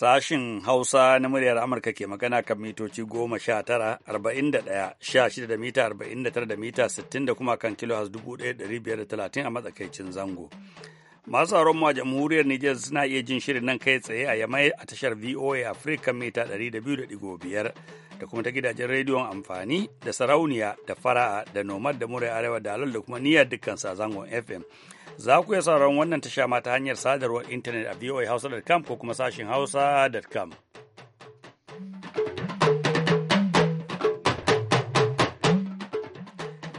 Sashin Hausa na muryar Amurka ke magana kan mitoci goma sha tara, arba'in da ɗaya, sha shida da mita, arba'in da tara da mita, sittin da kuma kan kilo has dubu ɗaya ɗari biyar da talatin a matsakaicin zango. Masu sauran a jamhuriyar Nijar suna iya jin shirin nan kai tsaye a yamai a tashar VOA Africa mita ɗari da biyu da ɗigo biyar da kuma ta gidajen rediyon amfani da sarauniya da fara'a da nomad da muryar arewa da alal da kuma niyyar dukkan sa zangon FM. Za ku iya sauran wannan tasha ma ta hanyar sadarwar intanet a voahausa.com ko kuma sashin hausa.com.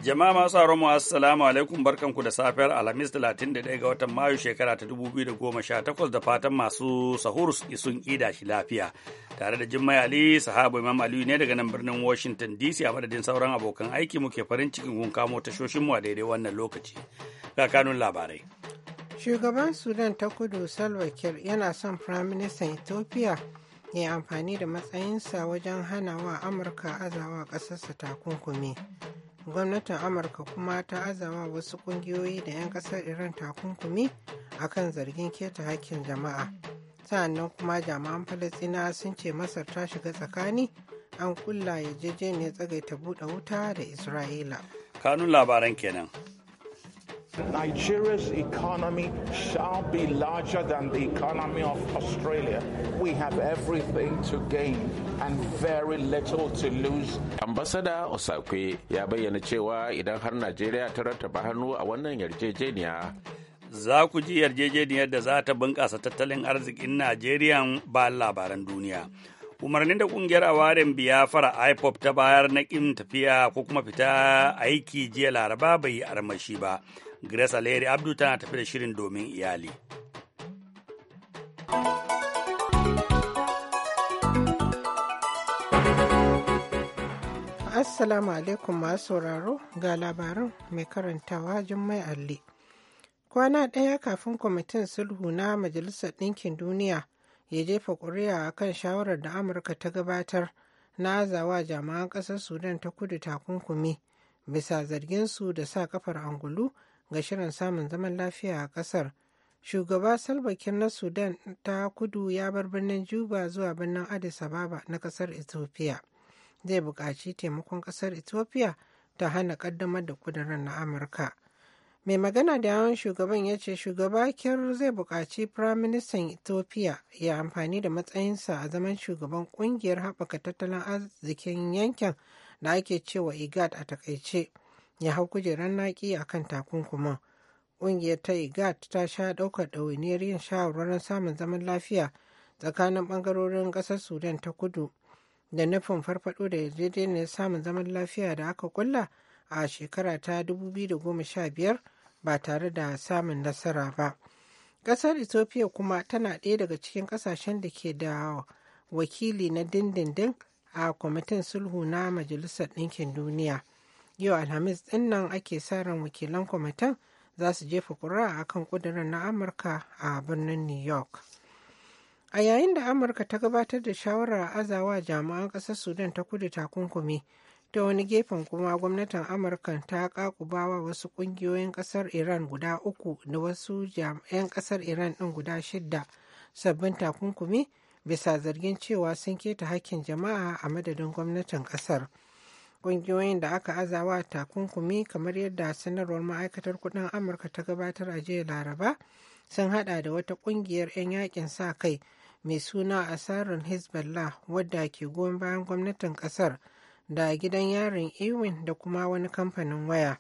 Jama'a masu tsaron mu assalamu alaikum barkanku da safiyar Alhamis 31 ga watan Mayu shekara ta 2018 da fatan masu sahur sun ida shi lafiya. Tare da Jummai Ali sahabu Imam Aliyu ne daga nan birnin Washington DC a madadin sauran abokan aiki muke farin cikin kun kamo tashoshin mu a daidai wannan lokaci. Ga kanun labarai. Shugaban Sudan ta kudu Salva Kiir yana son Firaministan Ethiopia ya amfani da matsayinsa wajen hana wa Amurka azawa ƙasarsa takunkumi. gwamnatin amurka kuma ta azama wasu kungiyoyi da 'yan kasar iran takunkumi akan zargin keta hakkin jama'a sa'annan kuma jama'an falastina sun ce masar ta shiga tsakani an kulla yarjejeniyar tsagaita buɗe wuta da isra'ila kanun labaran kenan Nigeria's economy shall be larger than the economy of Australia. We have everything to gain and very little to lose. Ambassador Osakwe ya bayyana cewa idan har Najeriya ta rattaba hannu a wannan yarjejeniya za ku ji yarjejeniyar da za ta bunƙasa tattalin arzikin Najeriya ba labaran duniya. Umarnin da kungiyar awarin biyafara IPOP ta bayar na ƙin tafiya ko kuma fita aiki jiya laraba bai yi armashi ba. Grace Aleri Abdu tana tafi da shirin domin iyali. Assalamu alaikum masu sauraro ga labaran mai karantawa Jummai Alli. Kwana ɗaya kafin kwamitin sulhu na Majalisar Ɗinkin Duniya ya jefa ƙuri'a a kan shawarar da Amurka ta gabatar na azawa jama'an ƙasar Sudan ta kudu takunkumi bisa zarginsu da sa kafar angulu ga shirin samun zaman lafiya a ƙasar. Shugaba salbakin na Sudan ta kudu ya bar birnin Juba zuwa birnin Addis Ababa na ƙasar Ethiopia. zai buƙaci taimakon ƙasar ethiopia ta hana ƙaddamar da ƙudurin na amurka mai magana da yawon shugaban ya ce shugaba kir zai buƙaci firaministan ethiopia ya amfani da matsayinsa a zaman shugaban ƙungiyar haɓaka tattalin arzikin yankin da ake cewa igad a takaice ya hau kujerar naƙi a kan takunkuman ƙungiyar ta igad ta sha ɗaukar ɗawainiyar yin shawarwarin samun zaman lafiya tsakanin ɓangarorin ƙasar sudan ta kudu da nufin farfado da yarjejeniyar samun zaman lafiya da aka kulla a shekara ta 2015 ba tare da samun nasara ba ƙasar ethiopia kuma tana ɗaya daga cikin ƙasashen da ke da wakili na dindindin a kwamitin sulhu na majalisar ɗinkin duniya yau alhamis ɗin nan ake sa ran wakilan kwamitin za su jefa ƙuri'a akan ƙudurin na amurka a birnin new york a yayin da amurka ta gabatar da shawarar azawa jama'an ƙasar sudan ta kudu takunkumi ta wani gefen kuma gwamnatin amurka ta ƙaƙubawa wasu ƙungiyoyin ƙasar iran guda uku da wasu jami'an ƙasar iran ɗin guda shidda sabbin takunkumi bisa zargin cewa sun keta hakkin jama'a a madadin gwamnatin ƙasar ƙungiyoyin da aka azawa takunkumi kamar yadda sanarwar ma'aikatar kudin amurka ta gabatar a jiya laraba sun hada da wata ƙungiyar 'yan yakin sa kai mai suna asarin hezbollah wadda ke goyon bayan gwamnatin kasar da gidan yarin ewin da kuma wani kamfanin waya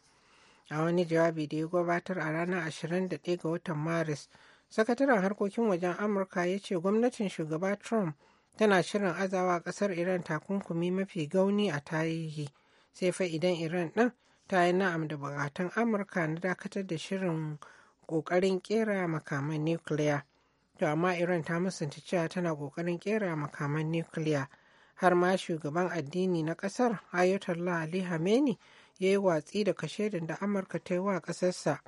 a wani jawabi da ya gabatar a ranar 21 ga watan maris sakataren harkokin wajen amurka ya ce gwamnatin shugaba trump tana shirin azawa kasar iran takunkumi mafi gauni a tarihi sai fa idan iran ɗan ta yi na'am da bukatun amurka na dakatar da shirin kokarin kera makaman nukiliya. to amma iran ta musanta cewa tana kokarin kera makaman nukiliya har ma shugaban addini na kasar ayatollah ali hameni ya yi watsi da kashedin da amurka ta yi wa kasarsa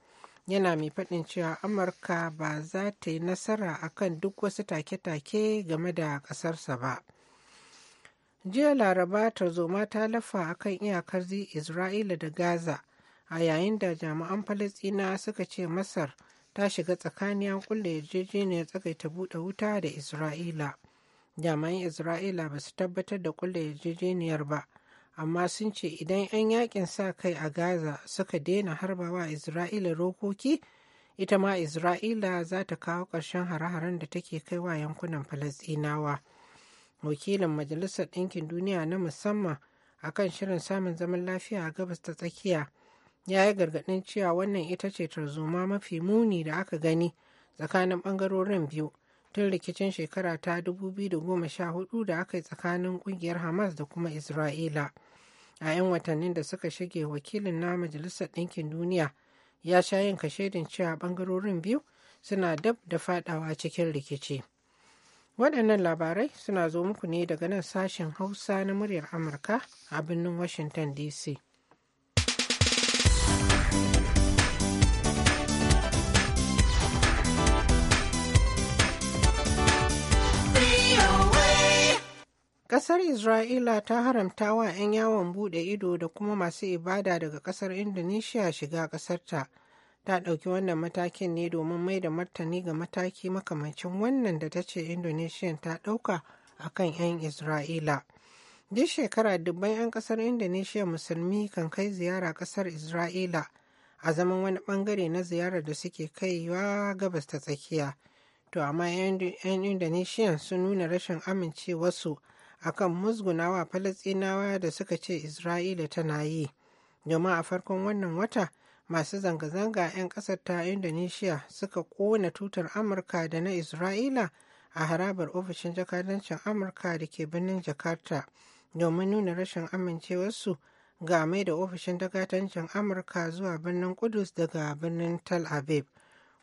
yana mai faɗin cewa amurka ba za ta yi nasara akan duk wasu take-take game da kasarsa ba jiya laraba tarzoma ta lafa akan iyakar isra'ila da gaza a yayin da jami'an falastina suka ce masar ta shiga tsakani an kulle yarjejeniyar tsakaita buɗe wuta da isra'ila jami'an isra'ila ba su tabbatar da kulle yarjejeniyar ba amma sun ce idan 'yan yakin sa kai a gaza suka daina harbawa isra'ila rokoki ita ma isra'ila za ta kawo ƙarshen hare-haren da take kaiwa yankunan falasɗinawa wakilin majalisar ɗinkin duniya na musamman akan shirin samun zaman lafiya a gabas ta tsakiya ya yi gargaɗin cewa wannan ita ce tarzoma mafi muni da aka gani tsakanin ɓangarorin biyu tun rikicin shekara ta 2014 da aka yi tsakanin ƙungiyar hamas da kuma isra'ila a 'yan watannin da suka shige wakilin na majalisar ɗinkin duniya ya sha yin kashedin cewa ɓangarorin biyu suna dab da fadawa cikin rikici waɗannan labarai suna zo muku ne daga nan sashen hausa na muryar amurka a birnin washington dc Ƙasar Isra'ila ta haramta wa 'yan yawon buɗe ido da kuma masu ibada daga ƙasar Indonesia shiga ƙasarta. Ta ɗauki wannan matakin ne domin mai da martani ga mataki makamancin wannan da ta ce Indonesia ta ɗauka a kan 'yan Isra'ila. Duk shekara dubban 'yan ƙasar Indonesia musulmi kan kai ziyara ƙasar Isra'ila a zaman wani ɓangare na ziyarar da suke kaiwa gabas ta tsakiya. To amma 'yan Indonesia sun nuna rashin amincewarsu akan musgunawa falasinawa da suka ce isra'ila tana yi a farkon wannan wata masu zanga-zanga 'yan kasar ta indonesia suka kona tutar amurka da na isra'ila a harabar ofishin jakadancin amurka da ke birnin jakarta domin nuna rashin amincewarsu ga mai da ofishin dagatancin amurka zuwa birnin kudus daga birnin Tal aviv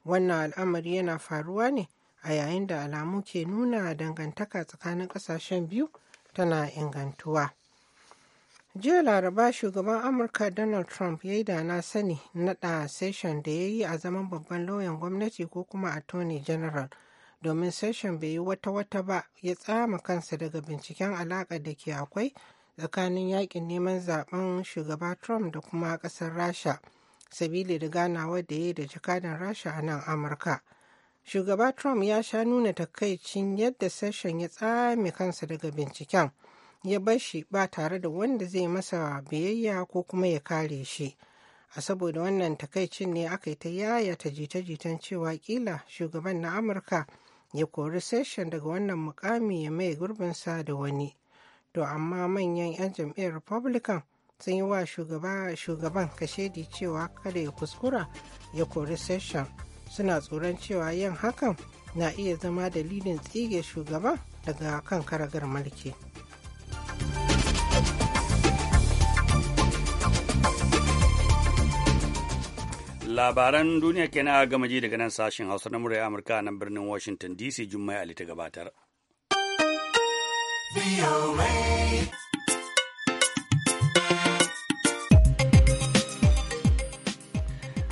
wannan al'amari yana faruwa ne a yayin da alamu ke nuna dangantaka tsakanin ƙasashen biyu tana ingantuwa. jiya laraba shugaban amurka donald trump ya yi da na sani naɗa session da ya yi a zaman babban lauyan gwamnati ko kuma attorney general domin session bai yi wata-wata ba ya tsama kansa daga binciken alaƙa da ke akwai tsakanin yakin neman zaben shugaba trump da kuma ƙasar rasha sabili da ganawa da ya yi da jakadan rasha a nan amurka. shugaba trump ya sha nuna takaicin yadda Sashen ya tsame kansa daga binciken ya bar shi ba tare da wanda zai masa biyayya ko kuma ya kare shi a saboda wannan takaicin ne aka yi ta yaya ta jita-jitan cewa kila shugaban na amurka ya kori Sashen daga wannan mukami ya mai gurbinsa da wani to amma manyan 'yan jam'iyyar republican sun yi wa shugaban kashedi cewa kada ya kuskura ya kori Sashen. suna tsoron cewa yin hakan na iya zama dalilin tsige shugaba daga kan karagar mulki. Labaran duniya kenan a gama ji daga nan sashen Hausa na murya Amurka a nan birnin Washington DC Jummai Ali ta gabatar.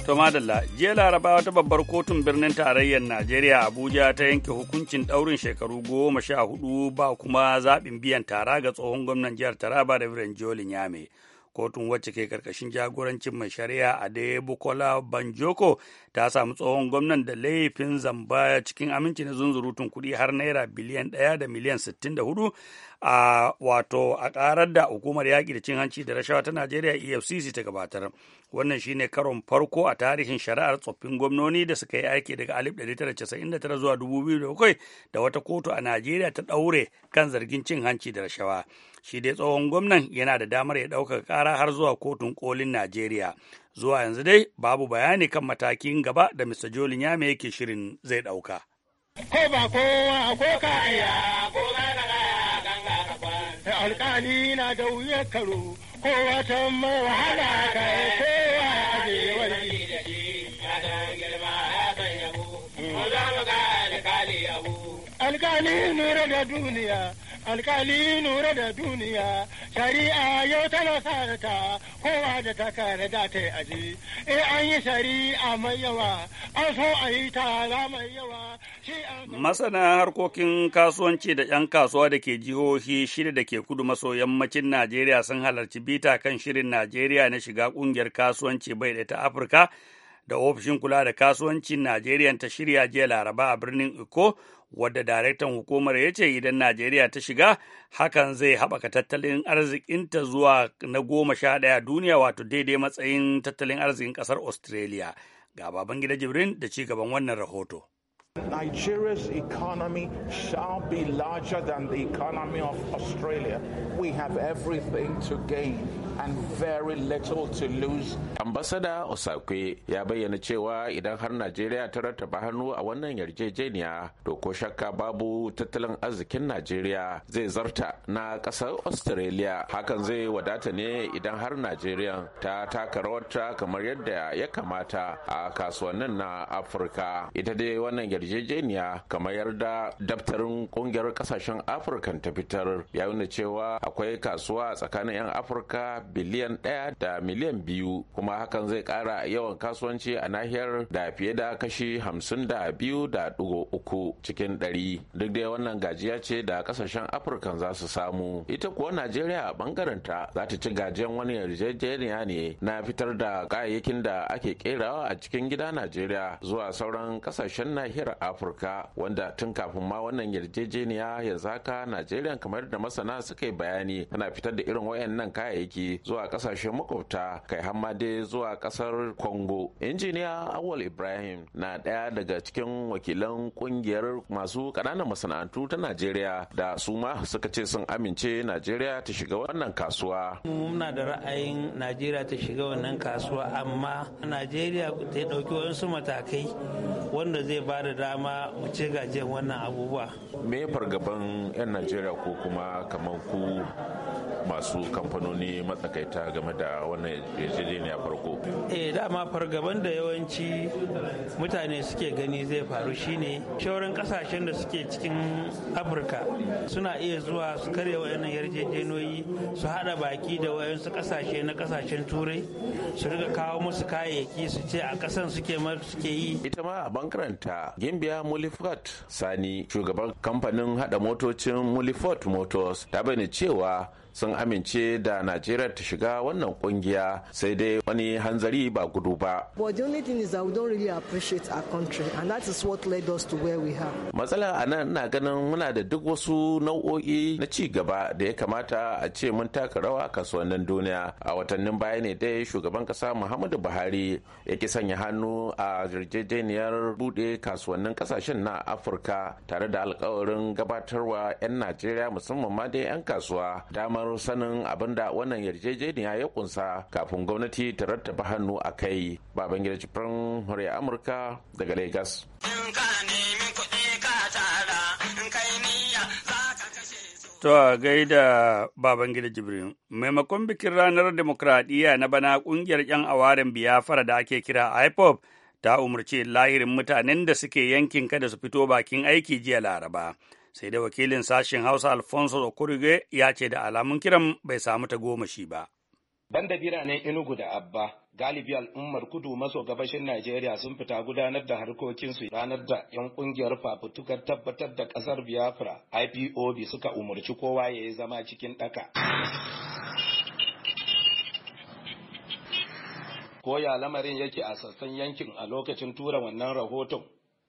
To madalla, jiya laraba wata babbar kotun birnin tarayyar Najeriya Abuja ta yanke hukuncin ɗaurin shekaru goma sha hudu ba kuma zaɓin biyan tara ga tsohon gwamnan jihar Taraba da Biren Jolin Yame. Kotun wacce ke karkashin jagorancin mai shari'a a Bukola Banjoko ta samu tsohon gwamnan da laifin zamba cikin aminci na zunzurutun kuɗi har naira biliyan ɗaya da miliyan sittin hudu a wato a ƙarar da hukumar yaƙi da cin hanci da rashawa ta najeriya efcc ta gabatar wannan shine karon farko a tarihin shari'ar tsoffin gwamnoni da suka yi aiki daga 1999 zuwa 2007 da wata kotu a najeriya ta ɗaure kan zargin cin hanci da rashawa shi dai tsohon gwamnan yana da damar ya ɗaukaka ƙara har zuwa kotun kolin najeriya Zuwa yanzu dai babu bayani kan matakin gaba da Mr. Jolin Yame yake shirin zai ɗauka. Ko ba kowa ko kaya ko alƙali na da wuyar karo ko wata wahala ka kowa a yabo mu yabo. Alƙali nura da duniya alkali nura da duniya shari'a yau tana sarata kowa da ta da ta aji eh, an yi shari'a mai yawa an so a yi tara mai yawa masana harkokin kasuwanci da 'yan kasuwa da ke jihohi shida da ke kudu maso yammacin najeriya sun halarci bita kan shirin najeriya na shiga kungiyar kasuwanci bai da ta afirka da ofishin kula da kasuwancin Najeriya ta shirya jiya Laraba a birnin Iko wadda daraktan hukumar ya ce idan Najeriya ta shiga hakan zai haɓaka tattalin arzikinta zuwa na goma sha ɗaya duniya wato daidai matsayin tattalin arzikin ƙasar Australia. Ga baban gida Jibrin da ci gaban wannan rahoto. Nigeria's economy shall be larger than the economy of Australia. We have everything to gain and very little to lose. Ambassador Osakwe ya bayyana cewa idan har Najeriya ta rattaba hannu a wannan yarjejeniya to ko shakka babu tattalin arzikin Najeriya zai zarta na ƙasar Australia. Hakan zai wadata ne idan har Najeriya ta taka rawarta kamar yadda ya kamata a kasuwannin na Afirka. Ita dai wannan yarjejeniya kamar yarda daftarin kungiyar kasashen afirka ta fitar ya nuna cewa akwai kasuwa a tsakanin 'yan afirka biliyan ɗaya da miliyan biyu kuma hakan zai kara yawan kasuwanci a nahiyar da fiye da kashi hamsin da biyu da uku cikin ɗari duk dai wannan gajiya ce da kasashen afirka za su samu ita kuwa najeriya a bangaren ta za ta ci gajiyan wani yarjejeniya ne na fitar da kayayyakin da ake kerawa a cikin gida najeriya zuwa sauran kasashen nahiyar afirka wanda tun kafin ma wannan yarjejeniya yanzu haka najeriya kamar da masana suka yi bayani tana fitar da irin wayannan kayayyaki zuwa kasashen makwabta kai hamma dai zuwa kasar congo injiniya awal ibrahim na daya daga cikin wakilan kungiyar masu ƙananan masana'antu ta najeriya da su ma suka ce sun amince najeriya ta shiga wannan kasuwa muna da ra'ayin najeriya ta shiga wannan kasuwa amma najeriya ta ɗauki wasu matakai wanda zai ba da dama mu ce gajiyan wannan abubuwa me fargaban 'yan najeriya ko kuma kamar ku masu kamfanoni matsakaita game da wannan yarjejeniya farko eh dama fargaban da yawanci mutane suke gani zai faru shine shauran kasashen da suke cikin afirka suna iya zuwa su karya wayannan yarjejeniyoyi su hada baki da wayansu kasashe na kasashen turai su riga kawo musu kayayyaki su ce a kasan suke yi ita ma a bankaranta gimbiya mulifat sani shugaban kamfanin hada motocin mulifat motors ta bayyana cewa sun amince da najeriya ta shiga wannan kungiya sai dai wani hanzari ba gudu ba matsala a nan na ganin muna da duk wasu nau'o'i na ci gaba da ya kamata a ce mun taka rawa kasuwannin duniya a watannin baya ne dai shugaban kasa muhammadu buhari ya ki sanya hannu a yarjejeniyar bude kasuwannin kasashen na afirka tare da alkawarin gabatarwa 'yan najeriya musamman ma dai 'yan kasuwa damar damar sanin abin da wannan yarjejeniya ya kunsa kafin gwamnati ta rattaba hannu a kai babangida cifrin murya amurka daga lagos To a gaida Babangida Jibrin, maimakon bikin ranar demokradiyya na bana ƙungiyar 'yan awarin biyafara da ake kira IPOP ta umarci lahirin mutanen da suke yankin kada su fito bakin aiki jiya Laraba. sai da wakilin sashen hausa alfonso okurige ya ce da alamun kiran bai samu ta goma shi ba banda biranen Enugu da Abba, galibi al'ummar kudu maso gabashin Najeriya sun fita gudanar da harkokinsu ranar da 'yan kungiyar fafutukar tabbatar da ƙasar Biafra IPOB suka umarci kowa ya yi zama cikin ɗaka. Koya lamarin yake a sassan yankin a lokacin tura wannan rahoton,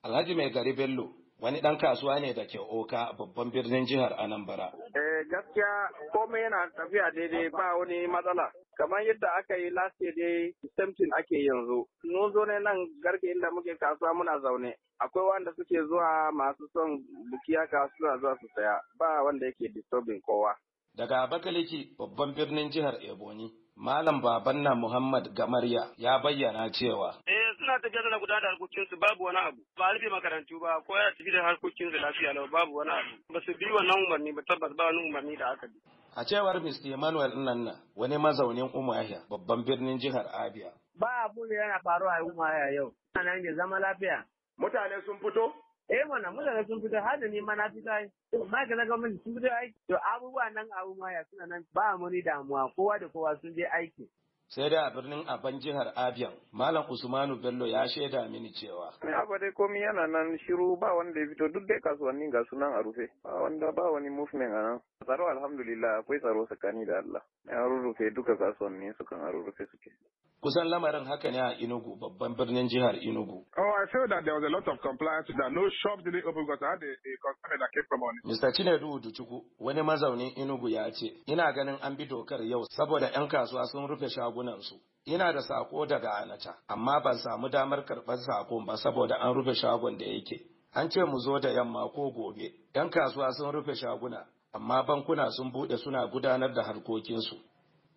Alhaji Mai Gari Bello wani ɗan kasuwa ne da ke Oka babban birnin jihar Anambra. Eh gaskiya komai yana tafiya daidai ba wani matsala. Kamar yadda aka yi last year dai something ake yanzu. Mun zo ne nan garke inda muke kasuwa muna zaune. Akwai wanda suke zuwa masu son bukiya kasuwa suna zuwa su saya ba wanda yake disturbing kowa. Daga Abakaliki babban birnin jihar Ebonyi, Malam Babanna Muhammad Gamarya ya bayyana cewa. Eh duk suna tafiya suna gudanar da harkokinsu babu wani abu ba rufe makarantu ba ko ya tafi da harkokinsu lafiya lau babu wani abu ba su bi wannan umarni ba tabbas ba wani umarni da aka bi. A cewar Mr. Emmanuel Nanna wani mazaunin Umuahia babban birnin jihar Abia. Ba abu da yana faruwa a Umuahia yau. Ana ne zama lafiya. Mutane sun fito? Eh mana mutane sun fito har da ni ma na fito ai. Ma'aikatan mun sun fito aiki. To abubuwa nan a Umuahia suna nan ba mu ni damuwa kowa da kowa sun je aiki. sai da a birnin aban jihar abiyan malam usmanu bello ya shaida mini cewa haka dai komi yana nan shiru ba wanda ya fito duk dai kasuwanni ga sunan a rufe ba wanda ba wani movement a nan tsaro alhamdulillah akwai tsaro tsakani da allah ya rurrufe duka kasuwanni sukan a rurrufe suke Kusan lamarin haka ne a Enugu, babban birnin jihar Enugu. Oh, I feel that there was a lot of compliance that no shop didn't open because I had a, concern that came from on Mr. Chinedu Uduchukwu, wani mazaunin Enugu ya ce, ina ganin an bi dokar yau saboda 'yan kasuwa sun rufe shagunan su Ina da sako daga Anata, amma ban samu damar karɓar sako ba saboda an rufe shagon da yake. An ce mu zo da yamma ko gobe. 'Yan kasuwa sun rufe shaguna, amma bankuna sun buɗe suna gudanar da harkokinsu.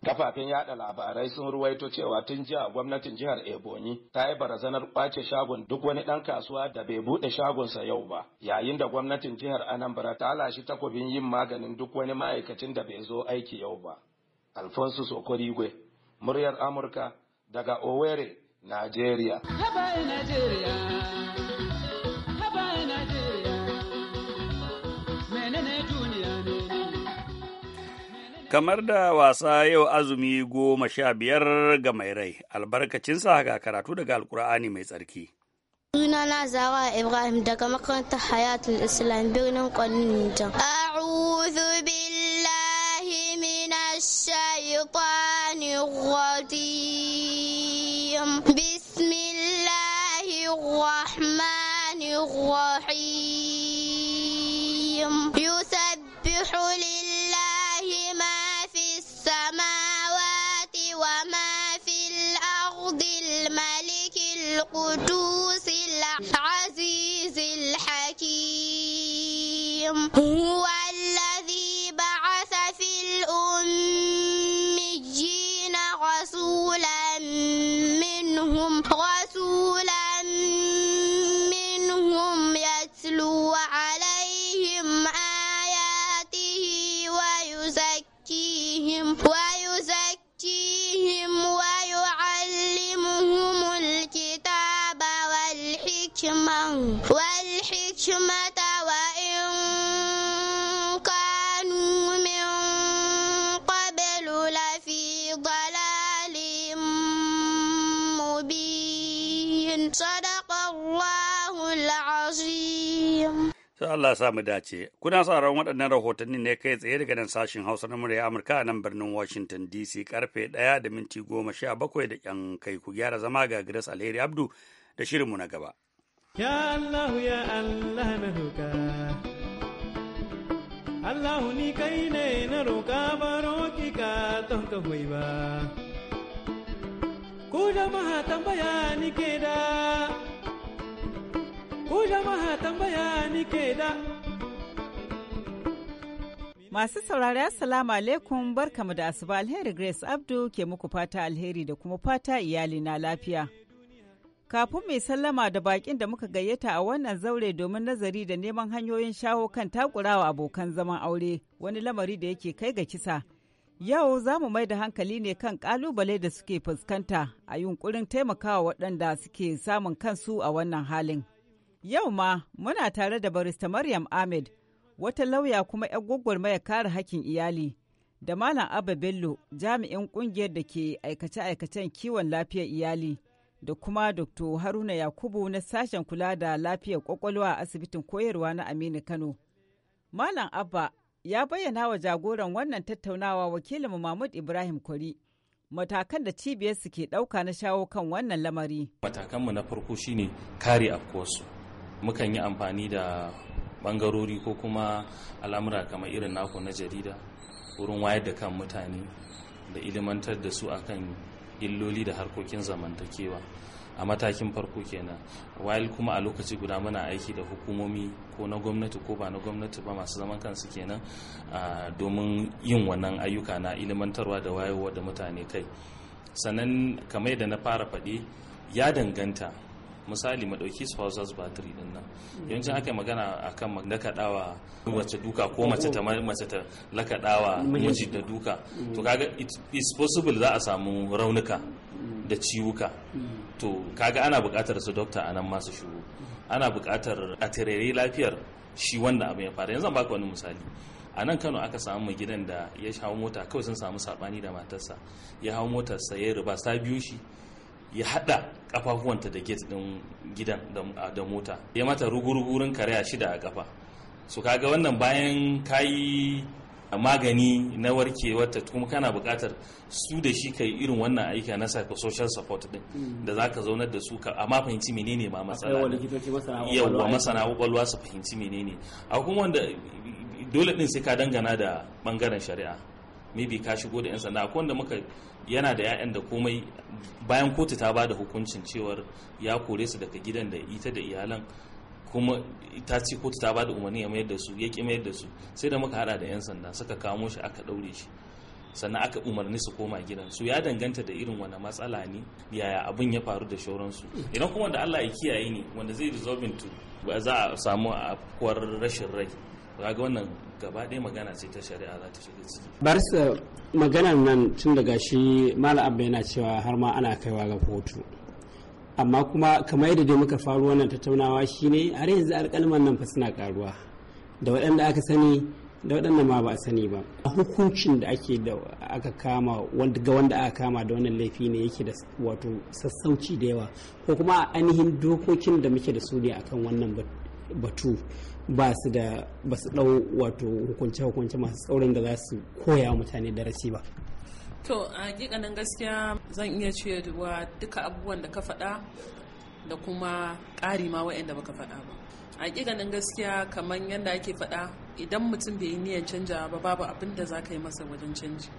Kafafen yada labarai sun ruwaito cewa tun jiya gwamnatin jihar Ebonyi ta yi barazanar kwace shagon duk wani ɗan kasuwa da bai buɗe shagonsa yau ba, yayin da gwamnatin jihar Anambra ta lashi takobin yin maganin duk wani ma'aikacin da bai zo aiki yau ba. Alfonso Sokorigwe, muryar Amurka daga Owerri, Najeriya. kamar da wasa yau azumi goma sha biyar ga mai rai albarkacinsa ga karatu daga alkur'ani mai tsarki sunana zawa ibrahim daga makarantar hayatul islam birnin kwanin jan a'udhu billahi minash shaitanir rajim bismillahir rahmanir rahim yusabbihu lil وما في الأرض الملك القدوس العزيز الحكيم هو والحكمة وإن كانوا من قبل لفي ضلال مبين صدق الله العظيم sai Allah sa mu dace kuna sauraron waɗannan rahotanni ne kai tsaye daga nan sashin Hausa na murya Amurka a nan birnin Washington DC karfe ɗaya da minti goma sha bakwai da ƴan kai ku gyara zama ga Grace Alheri Abdu da shirinmu na gaba. Ya Allah ya Allah na roƙa Allah ni kai ne na roƙa baro ki ka don ka hoyi ba Ku jama'a tambaya ni ke da Ku jama'a tambaya ni ke da Masu saurari Assalamu alaikum barkamu da asuba alheri Grace Abdu ke muku fata alheri da kuma fata iyali na lafiya. Kafin mai sallama da bakin da muka gayyata a wannan zaure domin nazari da neman hanyoyin shawo kan takurawa abokan zaman aure wani lamari da yake kai ga kisa. Yau za mu mai da hankali ne kan kalubale da suke fuskanta a yunkurin taimakawa waɗanda suke samun kansu a wannan halin. Yau ma muna tare da barista Maryam Ahmed, wata lauya kuma 'yan gwagwarmaya kare hakkin iyali, da Malam Abba Bello jami'in ƙungiyar da ke aikace-aikacen kiwon lafiyar iyali. da kuma Dr. Haruna Yakubu na sashen kula da lafiyar kwakwalwa a asibitin koyarwa na Aminu Kano. Malam Abba ya bayyana wa jagoran wannan tattaunawa wakilin Mahmud Ibrahim Kwari matakan da cibiyarsu ke ɗauka na shawo kan wannan lamari. Matakanmu na farko shine kare afkuwarsu. Mukan yi amfani da bangarori ko kuma al'amura kamar irin naku na jarida wurin wayar da kan mutane da ilimantar da su akan illoli da harkokin zamantakewa a matakin farko kenan while kuma a lokaci guda muna aiki da hukumomi ko na gwamnati ko ba na gwamnati ba masu zaman kansu kenan domin yin wannan ayyuka na ilimantarwa da wayewa da mutane kai sannan kamar da na fara faɗi ya danganta misali madauki spouses battery din nan yawancin aka magana akan lakadawa wace duka ko mace ta mace ta lakadawa miji da duka to kaga it's possible za a samu raunuka da ciwuka to kaga ana buƙatar su dokta anan masu shuru ana buƙatar a tarere lafiyar shi wanda abin ya fara yanzu baka wani misali a nan kano aka samu mai gidan da ya hau mota kawai sun samu sabani da matarsa ya hau motarsa ya riba sa biyu shi ya hada kafafuwanta da gate din gidan da mota ya mata rugurugurin a shida a kafa su kaga wannan bayan kayi magani na ta kuma kana bukatar su da shi kai irin wannan aiki na social support din mm. da za ka zaunar da su ka amma fahimci menene ma masana masana kwakwalwa su fahimci menene a kuma wanda dole din sai ka dangana da bangaren shari'a maybe ka shigo da 'yan sanda akwai wanda muka yana da 'ya'yan da komai bayan kotu ta ba da hukuncin cewar ya kore su daga gidan da ita da iyalan kuma ta ci kotu ta ba da umarni ya mayar da su ya ki mayar da su sai da muka hada da 'yan sanda suka kamo shi aka daure shi sannan aka umarni su koma gidan su ya danganta da irin wani matsala ne yaya abin ya faru da shauransu idan kuma da Allah ya kiyaye ne wanda zai resolving to ba za a samu akwar rashin rai raga wannan gaba ɗaya magana ce ta shari'a za ta shiga ciki barista maganar nan tun daga shi malam abu yana cewa har ma ana kaiwa ga kotu amma kuma kamar yadda dai muka faru wannan tattaunawa shine har yanzu alƙalman nan fa suna karuwa da waɗanda aka sani da waɗanda ma ba a sani ba a hukuncin da ake da aka kama wanda ga wanda aka kama da wannan laifi ne yake da wato sassauci da yawa ko kuma a ainihin dokokin da muke da su ne akan wannan batu ba su da ba su dau wato hukunce hukunce masu tsaurin da za su koya mutane darasi ba to a hakikanin gaskiya zan iya cewa duka abubuwan da ka faɗa da kuma ƙari ma waɗanda baka faɗa ba a hakikanin gaskiya kamar yadda ake faɗa idan mutum bai yi niyyar canja ba babu abin da za ka yi masa wajen canji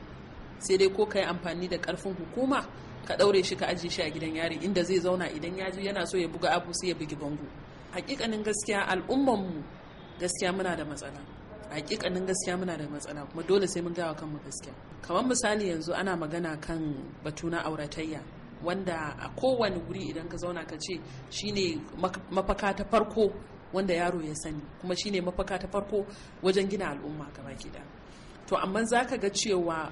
sai dai ko ka yi amfani da ƙarfin hukuma ka ɗaure shi ka ajiye shi a gidan yari inda zai zauna idan ya ji yana so ya buga abu sai ya bugi bango hakikanin gaskiya al'ummanmu gaskiya muna da matsala hakikanin gaskiya muna da matsala kuma dole sai mun gawa kanmu gaskiya kamar misali yanzu ana magana kan batu na auratayya wanda a kowane guri idan ka zauna ka ce shine mafaka ta farko wanda yaro ya sani kuma shine mafaka ta farko wajen gina al'umma gaba gida to amma zaka ga cewa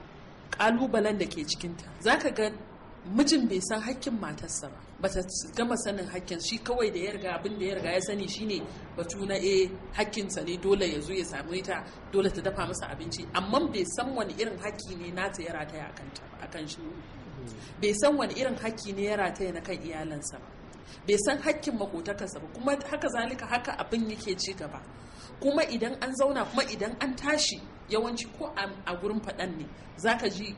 kalubalen da ke cikinta zaka ga mijin bai san hakkin matarsa ba bata gama sanin hakkin shi kawai da yarga abin da ya ya sani shine batu na a eh, hakkinsa ne dole ya zo ya samu ta dole ta dafa masa abinci amma bai san wani irin hakki ne ta ya rataya a kanta akan shi bai san wani irin hakki ne ya ta na kan iyalansa ba bai san hakkin makotakarsa ba kuma haka zalika haka abin yake ci gaba kuma idan an zauna kuma idan an tashi yawanci ko a gurin faɗan ne zaka ji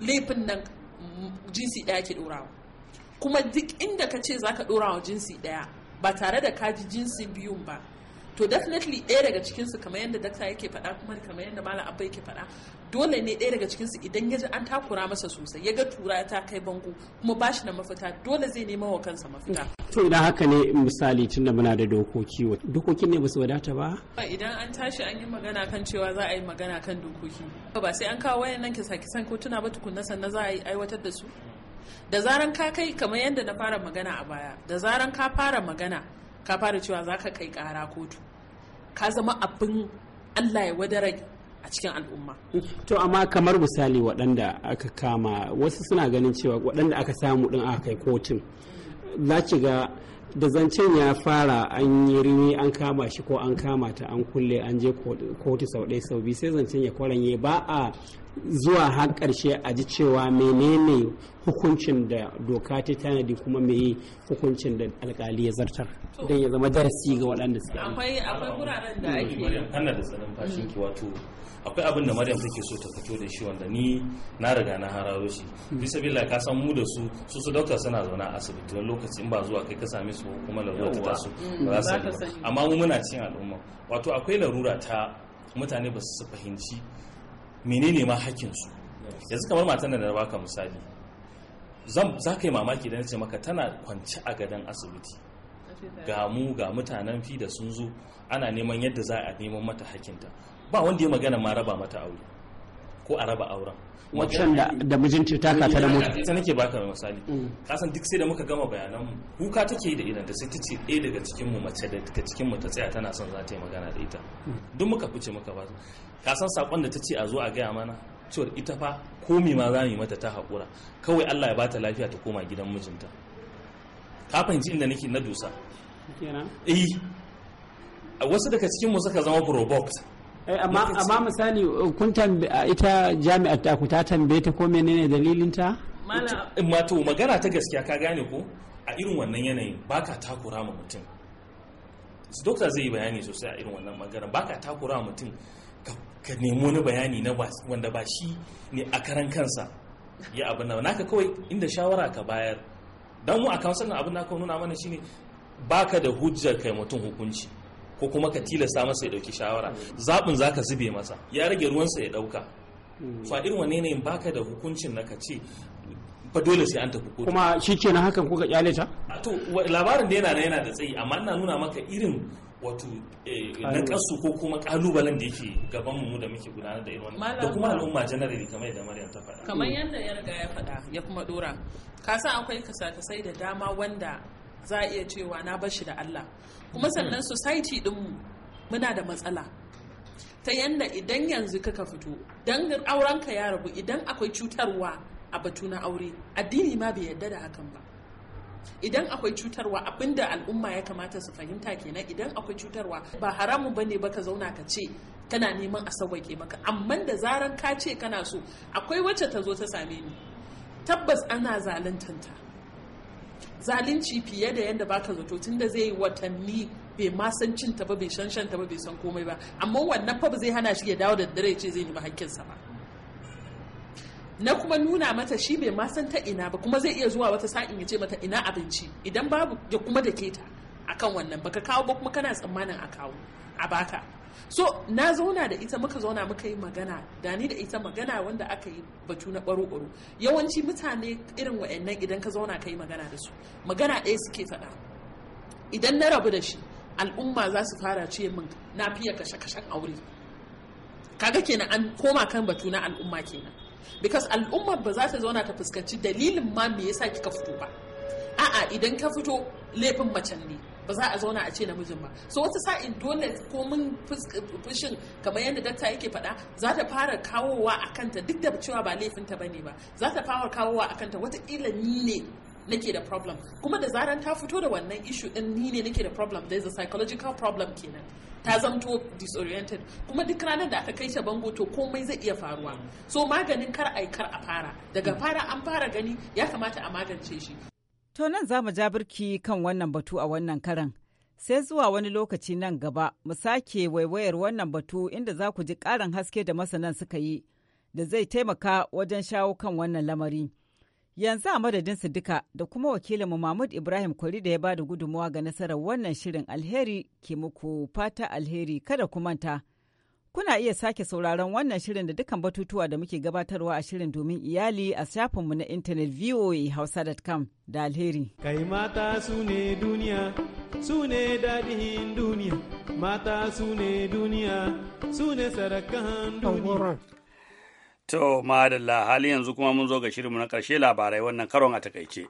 laifin nan jinsi ɗaya ke ɗorawa kuma duk inda ka ce za ka ɗora jinsi ɗaya ba tare da ka ji jinsi biyun ba to definitely ɗaya daga cikinsu kamar yadda dakta yake faɗa kuma kamar yadda malam abba yake faɗa dole ne ɗaya daga cikinsu idan ya ji an takura masa sosai ya ga tura ta kai bango kuma ba shi da mafita dole zai nema wa kansa mafita. to idan haka ne misali tunda muna da dokoki dokokin ne ba su wadata ba. idan an tashi an yi magana kan cewa za a yi magana kan dokoki ba sai an kawo wayannan kisa-kisan ko tuna ba tukunna sannan za a yi aiwatar da su. da zaran ka kai kamar yadda na fara magana a baya da zaran ka fara magana ka fara cewa za ka kai kara kotu ka zama abin allah ya wadara a cikin al'umma to amma kamar misali waɗanda aka kama wasu suna ganin cewa waɗanda aka samu ɗin aka kai kotun za ki ga da zancen ya fara an yi rini an kama shi ko an kama ta an kulle an je kotu sau ɗaya sau biyu sai zancen ya kwaranye ba a zuwa har ƙarshe a ji cewa menene hukuncin da doka ta tanadi kuma me hukuncin da alkali ya zartar don ya zama darasi ga waɗanda suke akwai akwai guraren da ake kana da tsanin fashin ki wato akwai abin da Maryam take so ta fito da shi wanda ni na riga na hararo shi bisa billa ka san mu da su su su doctor suna zaune a asibiti wani lokaci in ba zuwa kai ka same su kuma larura ta ba su mm, amma mu muna cin al'umma wato akwai larura ta mutane ba su fahimci menene ma hakkinsu yanzu kamar matan da na baka misali za ka yi mamaki don ce maka tana kwance a gadon asibiti ga mu ga mutanen fi da sun zo ana neman yadda za a neman mata hakinta ba wanda ya magana ma raba mata aure ko a raba auren waccan da mijinci ta kata ta da mota ita nake baka misali mm. kasan duk sai da muka gama bayanan mu kuka take da idan da sai ta ce ɗaya daga cikin mu mace daga cikin mu ta tsaya tana son za ta yi magana da ita mm. duk muka fice muka ba kasan sakon da ta ce a zo a gaya mana cewar ita fa komi ma za mu yi mata ta haƙura kawai Allah ya ba ta lafiya ta koma gidan mijinta ka fahimci inda nake na dusa eh wasu daga cikin mu suka zama provoked Eh, amma misali uh, kun uh, ita jami'ar ta ku ta tambaye ta ko menene dalilin ta mato magana ta gaskiya ka gane ko a irin wannan yanayin baka takura ma mutum dokta zai yi bayani sosai a irin wannan magana baka takura ma mutum ka nemi wani bayani na wanda ba shi ne a karan kansa ya abin nan naka kawai inda shawara ka bayar dan mu a kawo abin da aka nuna mana shine baka da hujjar kai mutum hukunci ko kuma ka tilasta masa ya dauki shawara zaɓin za ka zube masa ya rage ruwansa ya dauka Faɗin hmm. wane ne baka da hukuncin na ka ce fa dole sai an tafi shi kuma na hakan kuka kyale ta to labarin da yana da yana da tsayi amma ina nuna maka irin wato eh, na kasu ko kuma kalubalen da yake gaban mu da muke gudanar da irin da kuma al'umma generally kamar yadda Maryam ta faɗa kamar yadda ya riga ya faɗa ya kuma dora ka san akwai kasa sai da dama wanda za a iya cewa na bar shi da Allah kuma sannan society dinmu muna da matsala ta yanda idan yanzu kaka fito dan aurenka ya rabu idan akwai cutarwa a batu na aure addini ma bai yarda da hakan ba idan akwai cutarwa abinda al'umma ya kamata su fahimta kenan idan akwai cutarwa ba haramun bane ba ka zauna ka ce kana neman a sauwaƙe maka amma da zaran ka ce kana so akwai wacce ta zo ta same ni tabbas ana ta. zalunci fiye da yadda baka zato tun da zai yi watanni bai ma san cin ta ba bai san shan ba bai san komai ba amma wannan fa ba zai hana shi ya dawo da dare ce zai nemi sa ba na kuma nuna mata shi bai ma san ta ina ba kuma zai iya zuwa wata sa'in ya ce mata ina abinci idan babu ya kuma da keta akan wannan baka kawo ba kuma kana tsammanin a kawo a baka so na zauna da ita muka zauna muka yi magana da ni da ita magana wanda aka yi batu na baro baro yawanci mutane irin wa'annan idan ka zauna ka yi magana da su magana ɗaya suke faɗa idan na rabu da shi al'umma za su fara ce min na fiye kashe-kashen aure kaga kenan an koma kan batu na al'umma kenan because al'umma ba za ta zauna ta fuskanci dalilin ma me yasa kika fito ba a'a idan ka fito laifin macen ne ba za a zauna a ce namijin ba so wata sa'in dole ko mun fushin kamar yadda dakta yake faɗa za ta fara kawowa a kanta duk da cewa ba laifinta ne ba za ta fara kawowa a kanta wataƙila ni ne nake da problem kuma da zaran ta fito da wannan issue din ni ne nake da problem there is a psychological problem kenan ta zamto disoriented kuma duk ranar da aka kai ta bango to komai zai iya faruwa so maganin kar yi kar a fara daga fara an fara gani ya kamata a magance shi To nan za mu birki kan wannan batu a wannan karan. Sai zuwa wani lokaci nan gaba mu sake waiwayar wannan batu inda za ku ji ƙarin haske da masanan suka yi da zai taimaka wajen shawo kan wannan lamari. Yanzu a madadin su duka da kuma wakilinmu Mahmud Ibrahim Kwari da ya da gudunmawa ga nasarar wannan shirin alheri ke muku fata alheri kada ku manta. Kuna iya sake sauraron wannan shirin da dukkan batutuwa da muke gabatarwa a shirin domin iyali a shafinmu na intanet voahausa.com da alheri. Kai mata su ne duniya, su ne daɗin duniya, mata su ne duniya, su ne sarakan duniya. To, madalla hali yanzu kuma mun zo ga shirinmu na ƙarshe labarai wannan karon a takaice.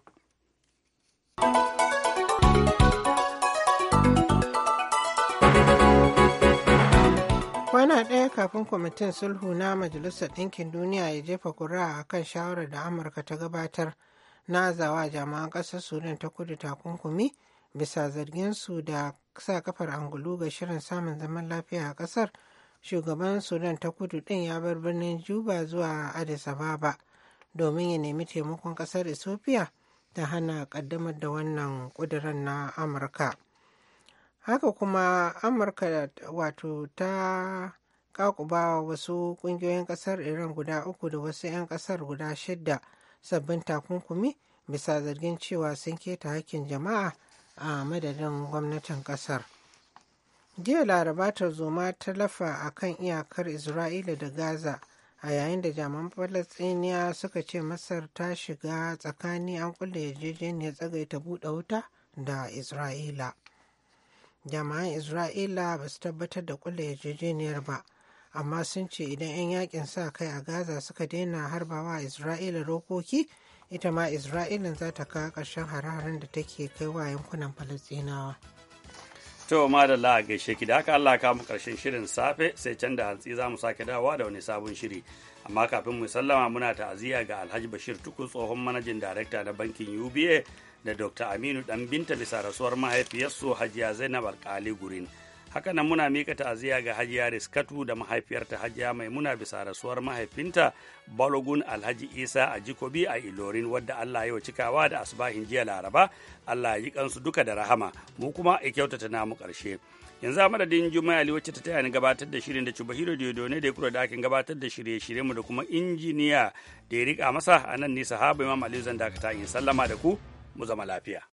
kwana ɗaya kafin kwamitin sulhu na majalisar ɗinkin duniya ya jefa kuri'a a kan shawarar da amurka ta gabatar na zawa jama'an ƙasar sudan ta kudu takunkumi bisa zarginsu da sa kafar angulu ga shirin samun zaman lafiya a ƙasar shugaban sudan ta kudu ɗin ya bar birnin juba zuwa addis ababa domin ya nemi taimakon ƙasar ethiopia ta hana ƙaddamar da wannan ƙuduran na amurka haka kuma amurka wato ta kakubawa wasu kungiyoyin kasar iran guda uku da wasu 'yan kasar guda shidda sabbin takunkumi bisa zargin cewa sun keta hakkin jama'a a madadin gwamnatin kasar jiya laraba zoma ta lafa a kan iyakar isra'ila da gaza a yayin da jaman falastiniya suka ce masar ta shiga tsakani an kulle yarjejeniyar tsagaita buɗe wuta da isra'ila jama'an isra'ila ba su tabbatar da kula yarjejeniyar ba amma sun ce idan 'yan yakin sa kai a gaza suka daina harbawa isra'ila rokoki ita ma isra'ilan za ta kawo ƙarshen hare-haren da take kai wa yankunan falastinawa to madalla a gaishe ki da haka allah ka mu karshen shirin safe sai can da hantsi za mu sake dawowa da wani sabon shiri amma kafin mu sallama muna ta'aziyya ga alhaji bashir tuku tsohon manajan darakta na bankin uba da dr aminu dan binta bisa rasuwar mahaifiyarsu hajiya zainab alkali gurin hakanan muna mika ta'aziyya ga hajiya riskatu da mahaifiyarta hajiya mai muna bisa rasuwar mahaifinta balogun alhaji isa a jikobi a ilorin wadda allah ya cikawa da asubahin jiya laraba allah ya yi kansu duka da rahama mu kuma ya kyautata namu karshe yanzu a madadin juma'a ali wacce ta taya ni gabatar da shirin da da diodo ne da ya kura dakin gabatar da shirye-shirye mu da kuma injiniya da ya rika masa a nan nisa habu imam aliyu zan dakata in sallama da ku mu zama lafiya